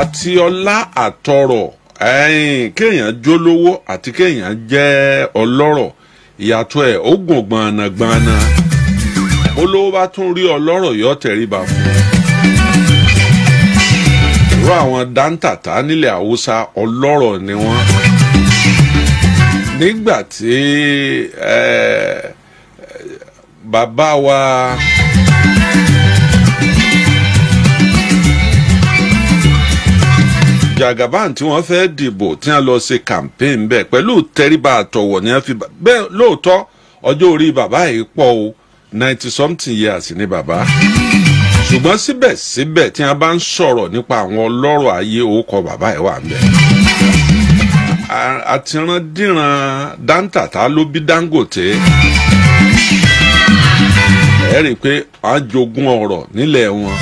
àti ọlá àtọrọ̀ kéèyàn jólówó àti kéèyàn jẹ́ ọlọ́rọ̀ ìyàtọ̀ ẹ̀ ó gùn gbọ̀nàgbọ̀nà olówó bá tún rí ọlọ́rọ̀ yọ tẹríba fún un. irú àwọn dáńtàtà nílẹ̀ haúsá ọlọ́rọ̀ ni wọ́n. nígbà tí bàbá wa. Eh, jagaban tí wọ́n fẹ́ dìbò tí wọ́n lọ ṣe campaign bẹ́ẹ̀ pẹ̀lú tẹríba àtọ̀wọ̀ ni wọ́n fi bẹ́ẹ̀ lóòótọ́ ọjọ́ orí bàbá yìí pọ̀ o ninety something years ni bàbá ṣùgbọ́n síbẹ̀síbẹ̀ tí wọ́n bá ń sọ̀rọ̀ nípa àwọn ọlọ́rọ̀ ayé orúkọ bàbá yìí wà ń bẹ̀ àtìrandíran dáńtàtà ló bí Dangote ẹ rí i pé àjogún ọ̀rọ̀ nílẹ̀ wọn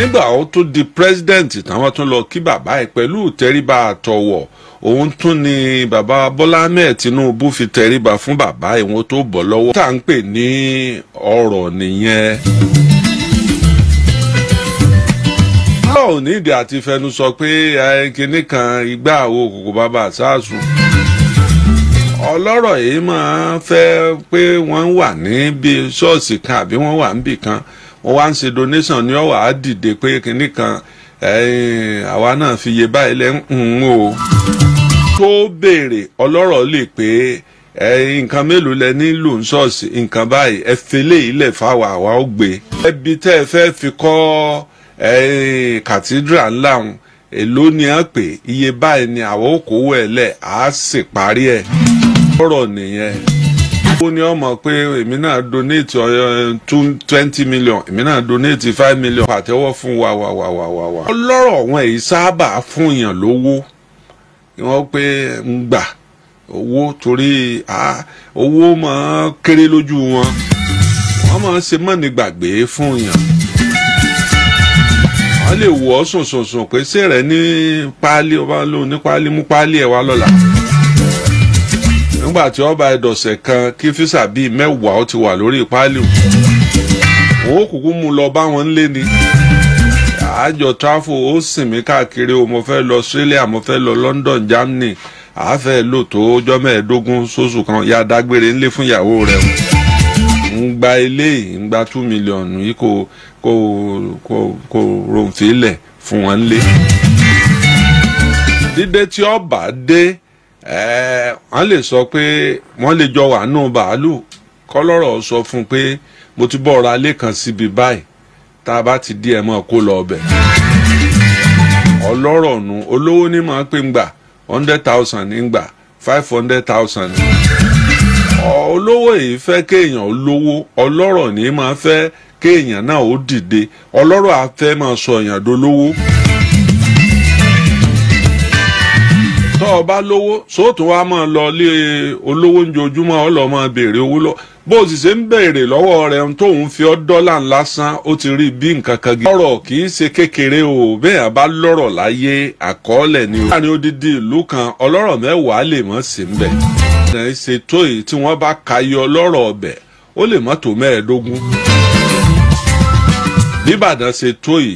nígbà ó tún di president táwọn tún lọ kí bàbá ẹ̀ pẹ̀lú ìtẹríba àtọ̀wọ̀ òun tún ni bàbá Bọ́lá Ahmed Tinubu fi tẹríba fún bàbá ìwọ̀n tó bọ̀ lọ́wọ́ tá à ń pè ní ọ̀rọ̀ nìyẹn. ọlọ́run nídìí àti fẹnu sọ pé kinní kan igbá àwo kòkò bàbá sars ọlọ́rọ̀ yìí máa ń fẹ́ pé wọ́n wà ní ṣọ́ọ̀ṣì kan àbí wọ́n wà níbì kan ó wá ń ṣe donation ní ọ̀wà á dìde pé kinní kan àwa náà fi iye báyìí lẹ́ ń o tó béèrè ọlọ́rọ̀ lè pé nǹkan mélòó lẹ nílò ń ṣọ́ọ̀ṣì nǹkan báyìí ẹ fẹlẹ́ ilẹ̀ fáwọn àwa ó gbé ẹbí tẹ́ ẹ fẹ́ fi kọ́ kàtídrà ńlá wọn èló ni a pè iye báyìí ni àwọn òkòwò ẹ̀ lẹ̀ á sì parí ẹ̀ ọ̀rọ̀ nìyẹn ó ní ọmọ pé èmi náà donate eh, twenty million èmi náà donate five million pàtẹ́wọ́ fún wa wa wa wa wa wa. ọlọ́rọ̀ wọn èyí sábà fún èèyàn lówó wọ́n pé ń gbà owó torí owó máa kéré lójú wọn wọ́n máa ṣe mọ́ni gbàgbé fún èèyàn wọ́n lè wọ́ sùn sùn sùn pé ṣé rẹ̀ ní páálí ọba lóun ní páálí mú páálí ẹ̀ wá lọ́la. nígbà tí ọba ẹdọ̀sẹ̀ kan kí físà bíi mẹ́wàá ó ti wà lórí páálí òun ó kúkú mú lọ bá wọn lé ni àjọ tráfò ó sìn mí káàkiri o mo fẹ́ lọ Australia mo fẹ́ lọ London Germany àáfẹ́ lò tó ọjọ́ mẹ́ẹ̀ẹ́dógún sóṣù kan ya dágbére ńlé fún ìyàwó rẹ̀ ń gba ilé ń gba two million yìí kò kò kò kò ròǹfìlẹ̀ fún wọn lé dídé tí ọba dé. wọ́n lè sọ pé wọ́n lè jọ wà nù bàálù kọ́lọ́rọ̀ sọ fún un pé mo ti bọ́ ọ̀rọ̀ alẹ́ kan síbi báyìí tá a bá ti dí ẹ̀ mọ́ kó lọ ọbẹ̀ ọlọ́rọ̀ nu olówó ní máa pè ń gbà hundred thousand ní gbà five hundred thousand ní olówó yìí fẹ́ kéèyàn olówó ọlọ́rọ̀ ní máa fẹ́ kéèyàn náà ó dìde ọlọ́rọ̀ afẹ́ máa sọ èèyàn dolówó. tọ́ ọ bá lówó sóòtún wa máa lọ lé olówó ń jojúmọ́ ọ lọ́ọ́ máa béèrè owó lọ bó o sì ṣe ń béèrè lọ́wọ́ rẹ̀ tóun fi ọ́ dọ́là lásán ó ti rí bí nǹkan kan gidi. ọ̀rọ̀ kì í ṣe kékeré o bẹ́ẹ̀ a bá lọ́rọ̀ láyé àkọọ́lẹ̀ ni o. láàrin odidi ìlú kan ọlọ́rọ̀ mẹ́wàá lè mọ̀ sí ń bẹ̀. ìlànà ìṣètò yìí tí wọ́n bá kayọ lọ́rọ̀ ọbẹ̀ ó lè mọ́ mẹ́ẹ̀ẹ́dógún. bíbàdàn ṣe yìí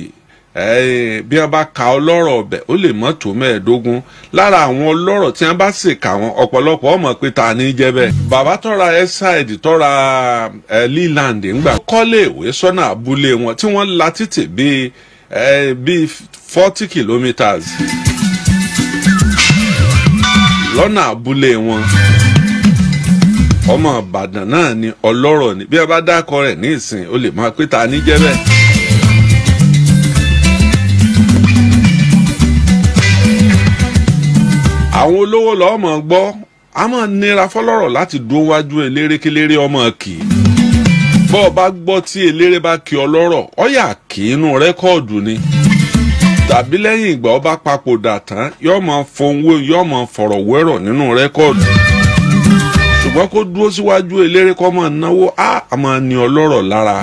bí wọ́n bá ka ọlọ́rọ̀ ọbẹ̀ ó lè mọ́ tó mẹ́ẹ̀ẹ́dógún lára àwọn ọlọ́rọ̀ tí wọ́n bá sì kà wọn ọ̀pọ̀lọpọ̀ ọmọ pé ta ni jẹ́ bẹ́ẹ̀. bàbá tọ́ra ẹ̀sáìdì tọ́ra leland ńgbà kọ́lé ìwé sọ́nà abúlé wọn tí wọ́n la títì bíi bíi forty kilometres lọ́nà abúlé wọn ọmọ ìbàdàn náà ni ọlọ́rọ̀ ni bí wọ́n bá dákọ rẹ̀ ní ìsìn ó lè mọ́ pé ta ni jẹ́ bẹ́ẹ̀. àwọn olówó lọ́ọ́ mọ̀ gbọ́ a máa nira fọlọ́rọ̀ láti dúró wájú elérékelére ọmọ kì í bọ́ ọ bá gbọ́ tí eléré bá kí ọ lọ́rọ̀ ọ yà kí inú rẹ́kọ́ọ̀dù ni tàbí lẹ́yìn ìgbà ọ bá papòdà tán yóò mọ fọnwó yóò mọ fọ̀rọ̀wérọ̀ nínú rẹ́kọ́ọ̀dù ṣùgbọ́n kó dúró síwájú eléré kọ́ máa náwó á máa ní ọlọ́rọ̀ lára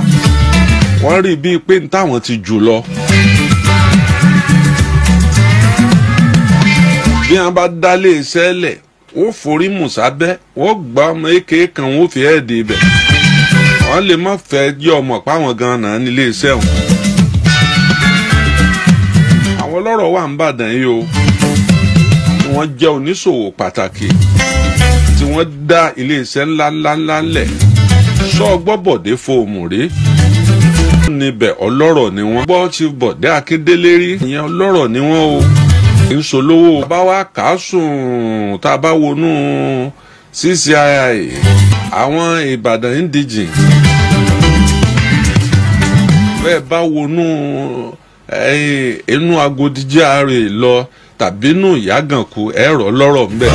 wọ́n rí bíi pé ní táwọn ti jù lọ. bí wọn bá dálé iṣẹ́ lẹ̀ wọ́n forí mùsábẹ́ wọ́n gba ọmọ èké kan wọ́n fi ẹ̀ẹ́dì ibẹ̀ wọ́n lè má fẹ́ yí ọmọ páwọn gan náà nílé iṣẹ́ wọn. àwọn ọlọ́rọ̀ wà ń bàdàn yìí o wọ́n jẹ́ oníṣòwò pàtàkì tí wọ́n dá ilé iṣẹ́ ńláńláńlá lẹ̀ sọ́ọ́gbọ́bọ̀dé fóòmù rí níbẹ̀ ọlọ́rọ̀ ni wọ́n gbọ́ ti bọ̀dé akíndélé rí ìyẹn ọlọ́rọ̀ ni wọ́n o ìṣòlówó bá wá kásùn tá a bá wọnú CCII àwọn Ìbàdàn indigene bẹ́ẹ̀ bá wọnú inú Agodi GRA lọ tàbí nù yàgànkù ẹ̀rọ lọ́rọ̀ ń bẹ̀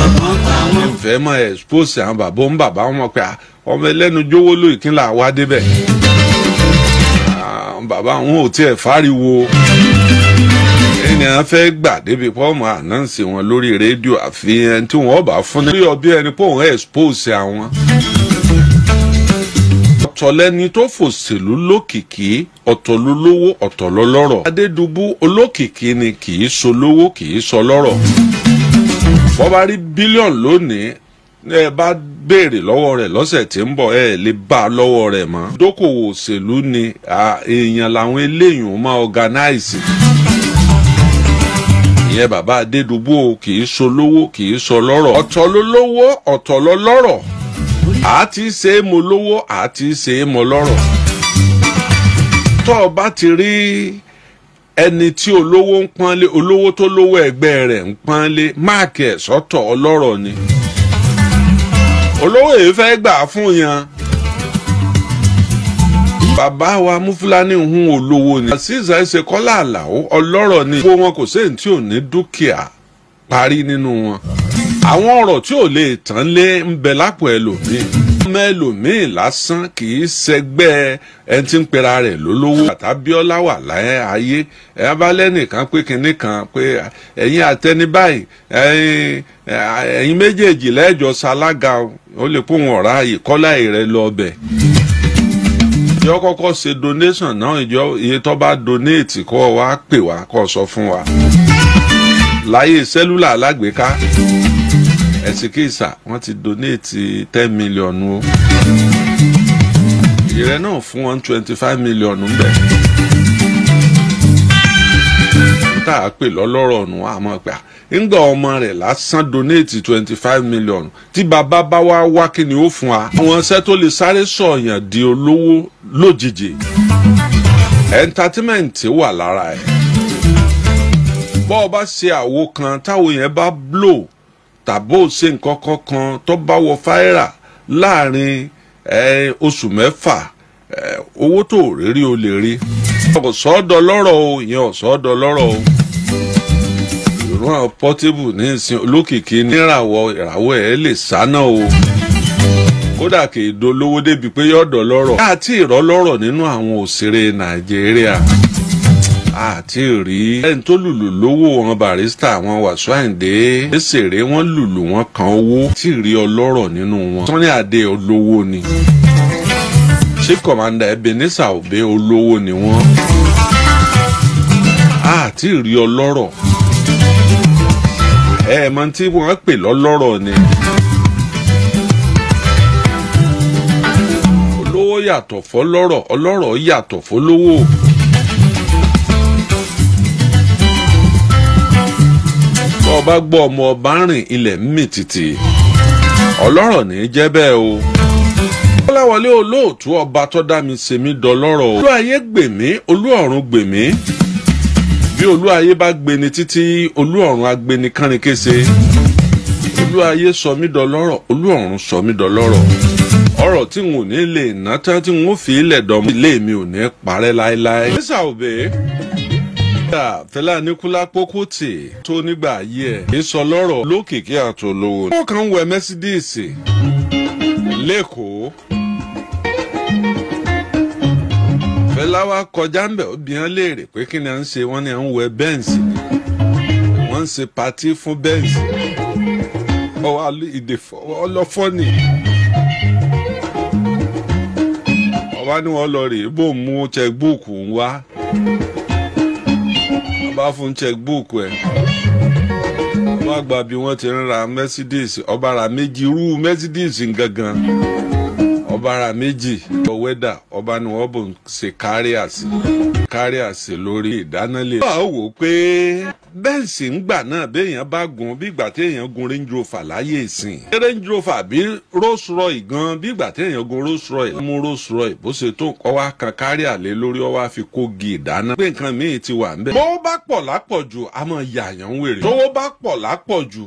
ìfẹ́ mọ́ expose àwọn bàbá ń bàbá wọn pé ọmọ ẹlẹ́nu jówó lóyún kí n là wá débẹ̀ bàbá wọn ò tiẹ̀ fáriwo ni a fẹ́ gbà débi pọ́ọ̀mù ànáǹsì wọn lórí rédíò àfihàn tí wọ́n bá fún ní. lórí ọbẹ̀ ẹni pé òun expose àwọn. ọ̀tọ̀ lẹni tó fòṣèlú lókìkí ọ̀tọ̀ lólówó ọ̀tọ̀ lọ́lọ́rọ̀. adédùbú olókìkí ni kì í solówó kì í sọlọ́rọ̀. wọ́n bá rí bílíọ̀nù lónìí ẹ bá béèrè lọ́wọ́ rẹ̀ lọ́sẹ̀ tí ń bọ̀ ẹ lè bá a lọ́wọ́ rẹ̀ mọ́. dókòwò òṣèlú ni èèyàn làwọn eléyìí ó máa organize ìyẹn bàbá adédùbú o kì í ṣolówó kì í ṣọlọ́rọ̀ ọ̀tọ̀ ló lówó ọ̀tọ̀ ló lọ́rọ̀ àá ti ṣe é mo lówó àá ti ṣe é mo lọ́rọ̀ tó o bá ti rí ẹni tí olówó ń pọ́nlé olówó tó lówó ẹgbẹ́ rẹ̀ ń pọ́nlé máàkì ẹ̀ sọ́tọ̀ ọlọ́rọ̀ ni olówó èyí fẹ́ gbà fún yan bàbá wa Mufulani hun olówó ni Azeez Ẹsẹ̀kọ́lá Àlàó ọlọ́rọ̀ ni gbogbo wọn kò séyìn tí ò ní dúkìá parí nínú wọn àwọn ọ̀rọ̀ tí ò lè tán lé ń bẹ lápò ẹlòmíì ọmọ ẹlòmíì lásán kì í ṣẹgbẹ́ ẹ ti ń pera rẹ̀ lólówó àtàbíọ́lá wà láyé ayé ẹ abálẹ́nìkan pé kinní kan pé ẹ̀yin àtẹni báyìí ẹ̀yin méjèèjì lẹ́jọ́ sálága ó lè pòun ọ̀rá ìkọ́lá rẹ̀ lọ bẹ̀. ìjọ kọ́kọ́ ṣe donation náà ìjọ iye tó bá donate kó wa wá pè wá kó o sọ fún wa láyé sẹ́lúlà alágbèéká ẹ̀sìnkìsà wọ́n ti donate ten million o ìrẹ́ náà fún wọn twenty five million ń tá a pè lọ́lọ́rọ̀ nù á mọ̀ pé ńgbà ọmọ rẹ̀ lásán donate twenty five million tí bàbá bá wá wá kí ni ó fún wa. àwọn iṣẹ́ tó lè sáré sọ̀yàn di olówó lójijì entertainment wà lára ẹ̀ bọ́ ọ bá ṣe àwo kan táwo yẹn bá blow tàbó ṣe nǹkan kankan tó bá wọ fáírà láàrin oṣù mẹ́fà owó tó rí rí o lè rí kò sọ́dọ̀ lọ́rọ̀ o ìyẹn ò sọ́dọ̀ lọ́rọ̀ o ìrún àwọn pọ́tébù ní ìsìn olókìkí níràwọ̀ ìràwọ̀ ẹ̀ lè sáná o kódà kì í dolówó débi pé yọ̀dọ̀ lọ́rọ̀ àti ìrọ́lọ́rọ̀ nínú àwọn òṣèré nàìjíríà àti rí ẹni tó lùlù lówó wọn barista wọn Wasiu Ayinde ẹsẹ̀rẹ̀ wọn lùlù wọn kan owó tí rí ọlọ́rọ̀ nínú wọn tí wọ́n olówó ni chief commander Ebenezer Obey olówó ni wọ́n àti ìrí ọlọ́rọ̀ ẹ mọ̀ tí wọ́n pè lọ́lọ́rọ̀ ni. olówó yàtọ̀ fọlọ́rọ̀ ọlọ́rọ̀ yàtọ̀ fọlówó. bọ́ ọ bá gbọ́ ọmọ ọba rìn ilẹ̀ ń tìtì ọlọ́rọ̀ ní í jẹ́ bẹ́ẹ̀ o kọ́láwọlé olóòtú ọba tó dá mi ṣe mí dọlọ́rọ̀ o. olú ayé gbè mí olú ọ̀run gbè mí bí olú ayé bá gbéni títí olú ọ̀run á gbéni kánrinkése olú ayé sọ mí dọlọ́rọ̀ olú ọ̀run sọ mí dọlọ́rọ̀ ọ̀rọ̀ tí n ò ní lè ná tán tí n ò fi ilẹ̀ dọ̀mọ́ ilé mi ò ní parẹ́ láéláé. mísà òbí Fẹlá Aníkúlápó Kútì tó nígbà ayé ẹ̀ kì í sọ lọ́rọ̀ lókìkí àtòlówó. wọ́n kàn ń lẹ́kọ̀ọ́. ńlá wa kọjá ń bẹ̀ obìnrin léèrè pé kí ni à ń ṣe wọ́n ní à ń wẹ bẹ́ǹsì wọ́n ń ṣe patí fún bẹ́ǹsì ọwọ́ ìdè ọlọ́fọ́ ni ọba ni wọ́n lọ rè é bò ń mú checkbook ń wá ọba fún checkbook ẹ̀ wọ́n gba bí wọ́n ti ń ra mercedes ọba ra méjì irú mercedes gangan ọbara méjì ọwẹ́dà ọba ni wọ́n bò ń ṣe kárí àsè kárí àsè lórí ìdánilẹ̀. wọ́n á wò ó pé bẹ́ǹsì ńgbà náà béèyàn bá gun bí ìgbà téèyàn gun range rover láyé ìsìn. range rover bí rolls royce gan bí ìgbà téèyàn gun rolls royce mú rolls royce bó ṣe tó ọwọ́ kan kárí àlè lórí ọwọ́ àfi kógi ìdáná. pé nǹkan míì ti wà ń bẹ̀. bó bá pọ̀ lápọ̀jù a máa yàyàn wèrè. tówó bá pọ̀ lápọ̀jù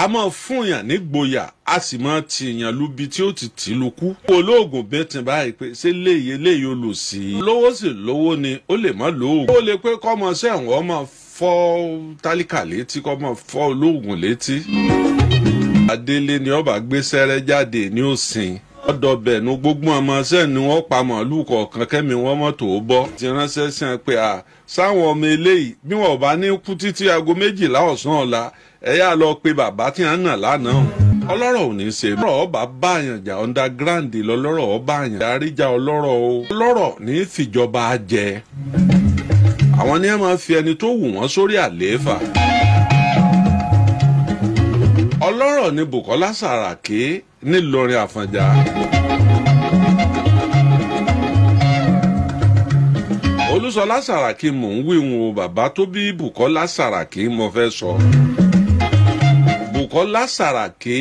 a máa fún yàn ní gboyà a sì máa ti yàn lubi tí ó ti tì í lukú. olóògùn bẹ́ẹ̀ ti báyìí pé ṣé léyìí léyìí ó lò sí i. lówó sì lówó ni ó lè má lóògùn. ó lè pé kọ́mọ sẹ́wọ̀n ọmọ fọ́ tálíkà létí kọ́mọ fọ́ olóògùn létí. adélé ni ọba gbé sẹ́rẹ́ jáde ní òsìn ọdọ bẹẹnu gbogbo ọmọ ṣẹ ni wọn pa màálù kọ̀ọ̀kan kẹmi wọn mọtò ó bọ. ti ránṣẹ́ sàn ẹ yá lọ pe bàbá tí à ń nà lánàá ọlọ́rọ̀ ò ní í ṣe ọlọ́rọ̀ ọba báyàn jà underground lọ́lọ́rọ̀ ọba àyàn àríjà ọlọ́rọ̀ o ọlọ́rọ̀ ní í fìjọba jẹ àwọn ni ẹ máa fi ẹni tó wù wọ́n sórí àlééfà ọlọ́rọ̀ ni Bùkọ́lá Sàràkí nílọrin Àfọ̀njá. Olúṣọlá Sàràkí mò ń wíwun o bàbá tó bí Bùkọ́lá Sàràkí mo fẹ́ sọ. So. Bùkọ́lá Sàràké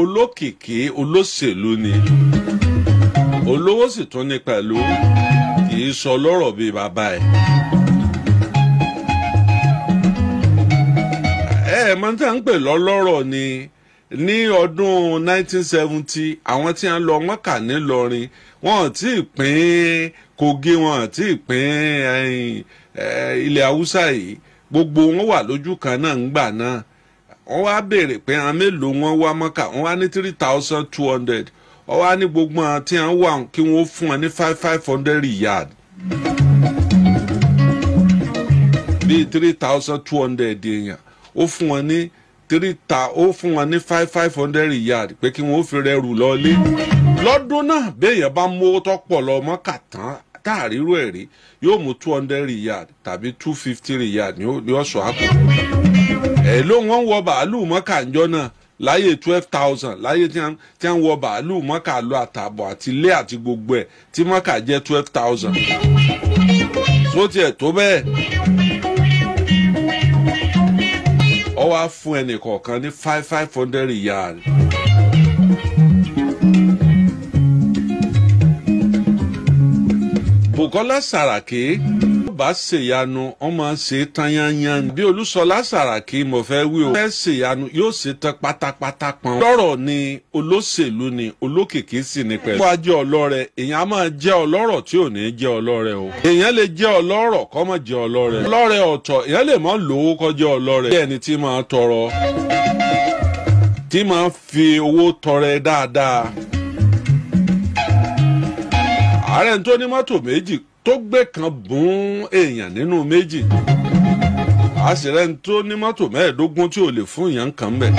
olókìkí olóṣèlú ni olówó sì tún ní pẹ̀lú kì í sọ lọ́rọ̀ bíi bàbá ẹ̀. ẹ máa ń tà ń pè lọ́lọ́rọ̀ ni ní ọdún 1970 àwọn tí a lọ mọ́kà nílọrin wọn ò tí ì pín kogi wọn ò tí ì pín ilẹ̀ haúsá yìí gbogbo wọn wà lójú kan náà ń gbà náà wọ́n wá béèrè pé àwọn mélòó wọ́n wá mọ́kà wọ́n wá ní three thousand two hundred wọ́n wá ní gbogbo àwọn tí wọ́n wà kí wọ́n fún wọn ní five five hundred yard bíi three thousand two hundred èèyàn ó fún wọn ní three ta ó fún wọn ní five five hundred yard pé kí wọ́n fi rẹrù lọ́ọ́lé lọ́dún náà béèyàn bá mú owó tó pọ̀ lọ mọ́kà tán táàrírú ẹ̀ rí yóò mú two hundred yard tàbí two fifty yard ní ọ̀ṣọ́ àpò ẹ̀ lóun wọn wọ bàálù mọ́kà ńjọ́ náà láyé twelve thousand láyé tí wọ́n wọ bàálù mọ́kà lọ àtààbọ̀ àti ilé àti gbogbo ẹ̀ tí mọ́kà jẹ́ twelve thousand tó tiẹ̀ tó bẹ́ẹ̀ ọ wá fún ẹnì kọ̀ọ̀kan ní five five hundred yard. Bùkọ́lá Sàràkí. bá ṣèyanu ọmọ ṣe ni. bí olúṣọlá sàràkí mo fẹ́ wí o fẹ́ ṣèyanu yóò ṣe tán pátápátá pọn. lọ́rọ̀ ni olóṣèlú ni olókìkí sì ni pẹ̀lú. wọ́n á jẹ́ ọlọ́rẹ̀ èèyàn á máa jẹ́ ọlọ́rọ̀ tí ò ní jẹ́ ọlọ́rẹ̀ o. èèyàn lè jẹ́ ọlọ́rọ̀ kọ́ mọ̀ jẹ́ ọlọ́rẹ̀. ọlọ́rẹ̀ ọ̀tọ̀ èèyàn lè mọ́ lówó kọ́ jẹ́ ọlọ́rẹ̀. bí tọrọ ma fi owó tó ní mọ́tò méjì tó gbé kan bùn èèyàn nínú méjì àṣìrẹ́ ń tó ní mọ́tò mẹ́ẹ̀ẹ́dógún tí ò lè fún èèyàn kan bẹ̀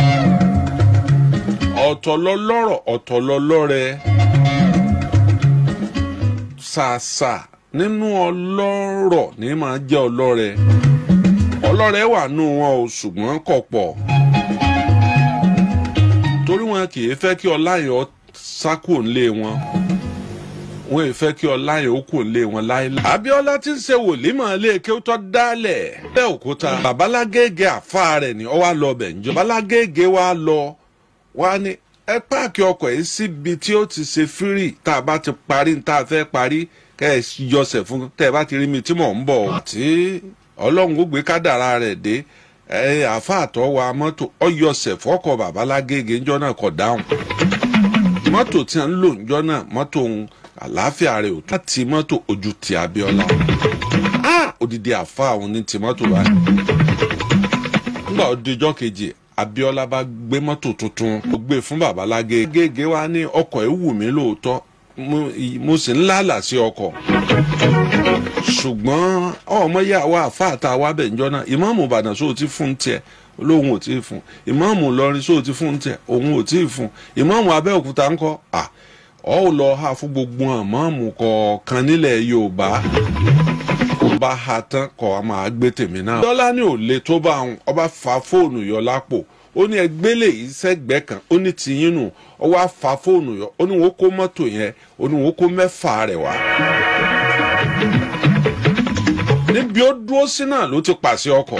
ọ̀tọ̀ lọ́lọ́rọ̀ ọ̀tọ̀ lọ́lọ́rẹ ṣàṣà nínú ọlọ́rọ̀ ní máa jẹ́ ọlọ́rẹ ọlọ́rẹ wà nù wọn o ṣùgbọ́n kò pọ̀ torí wọn kì í fẹ́ kí ọláyọ̀ sákò ńlé wọn. wọn fẹ ki kí ọlá yẹn ó kò lé wọn laila. abiola ti ń ṣe wòlímọ̀ ilé kí ó tọ́ dálẹ̀. bẹ́ẹ̀ òkúta babalágége ni ọ wá lọ bẹ njọ. babalágége lọ wa ní ẹ páàkì ọkọ̀ yìí síbi tí ó ti ṣe fírì tá a bá ti parí tá a fẹ́ parí kẹ́ ẹ yọsẹ̀ fún tẹ́ ẹ bá ti rí mi tí mò ń bọ̀. àti wa mọ́tò ọ yọsẹ̀ babalágége náà kọ̀ dáhùn mọ́tò tí ń lò àlàáfíà rẹ̀ ò tún. láti mọ́tò ojú ti Abíọ́lá odidi àfa àwọn ní ti mọ́tò báyìí. nígbà ọdíjọ́ kejì Abíọ́lá bá gbé mọ́tò tuntun ó gbé e fún babalágé. gègé wa ní ọkọ̀ ẹ̀ wù mí lóòótọ́ mo sì ń lálà sí ọkọ̀. ṣùgbọ́n ọmọọyà wa àfa àtàwa bẹ̀ ń jọ́nà ìmáàmù Ìbàdàn sóò ti fún tiẹ̀ lóhun ò tí ì fún ìmáàmù Ìlọrin sóò ti fún tiẹ̀ òun ò tí ì fún ìmáàmù Abẹ́òkúta ńkọ́ à. Ah ọ ò lọ ha fún gbogbo àmọ́ọ̀mù kọ̀ọ̀kan nílẹ̀ Yorùbá kò bá ha tán kọ́ a máa gbé tèmi náà. dọ́là ni ò le tó bá àwọn ọba fa fóònù yọ lápò ó ní ẹgbẹ́lẹ̀ yìí sẹ́gbẹ̀ẹ́ kan ó ní tìyín nù ó wá fa fóònù yọ ó ní wọn kó mọ́tò yẹn ó ní wọn kó mẹ́fà rẹ̀ wá. níbi ó dúró sí náà ló ti pàṣẹ ọkọ̀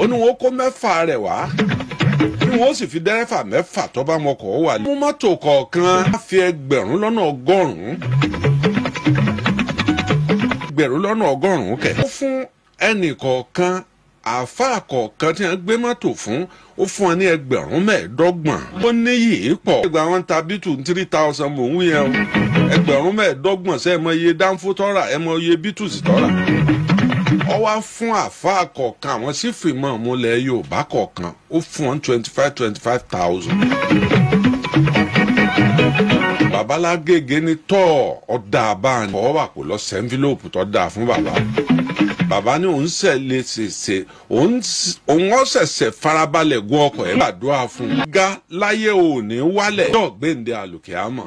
ó ní wọn kó mẹ́fà rẹ̀ wá. bí wọ́n sì fi dẹ́rẹ́fà mẹ́fà tó bá wọn kọ̀ wà. mú mọ́tò kọ̀ọ̀kan á fi ẹgbẹ̀rún lọ́nà ọgọ́rùn-ún ẹgbẹ̀rún lọ́nà ọgọ́rùn-ún kẹ̀. ó fún ẹnì kọ̀ọ̀kan àáfàá kọ̀ọ̀kan tí wọ́n gbé mọ́tò fún ó fún ọ ní ẹgbẹ̀rún mẹ́ẹ̀ẹ́dọ́gbọ̀n. ó ní yìí pọ̀. ẹgbàá wọn ta bítù three thousand mò ń wí yẹn ẹgbẹ̀rún mẹ́ẹ̀ẹ́dọ́gbọ̀n sẹ́ẹ̀ mọ iye dáńfó tọ́ra ẹ mọ iye bítù sì tọ́ra ọ wá fún àáfàá kọ̀ọ̀kan àwọn sì fìmọ̀ múlẹ̀ Yorùbá kọ̀ọ̀kan ó fún wọn twenty five twenty five thousand. babalágége ní tọ́ ọ̀dà àbáyọ ọ̀wà kò lọ sẹ́ńfílòpù tó dáa fún bàbá bàbá ní òun ṣe lè ṣèṣe òun ọ̀ṣẹ̀ṣẹ̀ farabalẹ̀ gun ọkọ̀ ẹ̀ gbàdúrà fún un. ga láyé òní wálẹ̀ yóò gbéǹde àlùkè àmọ́.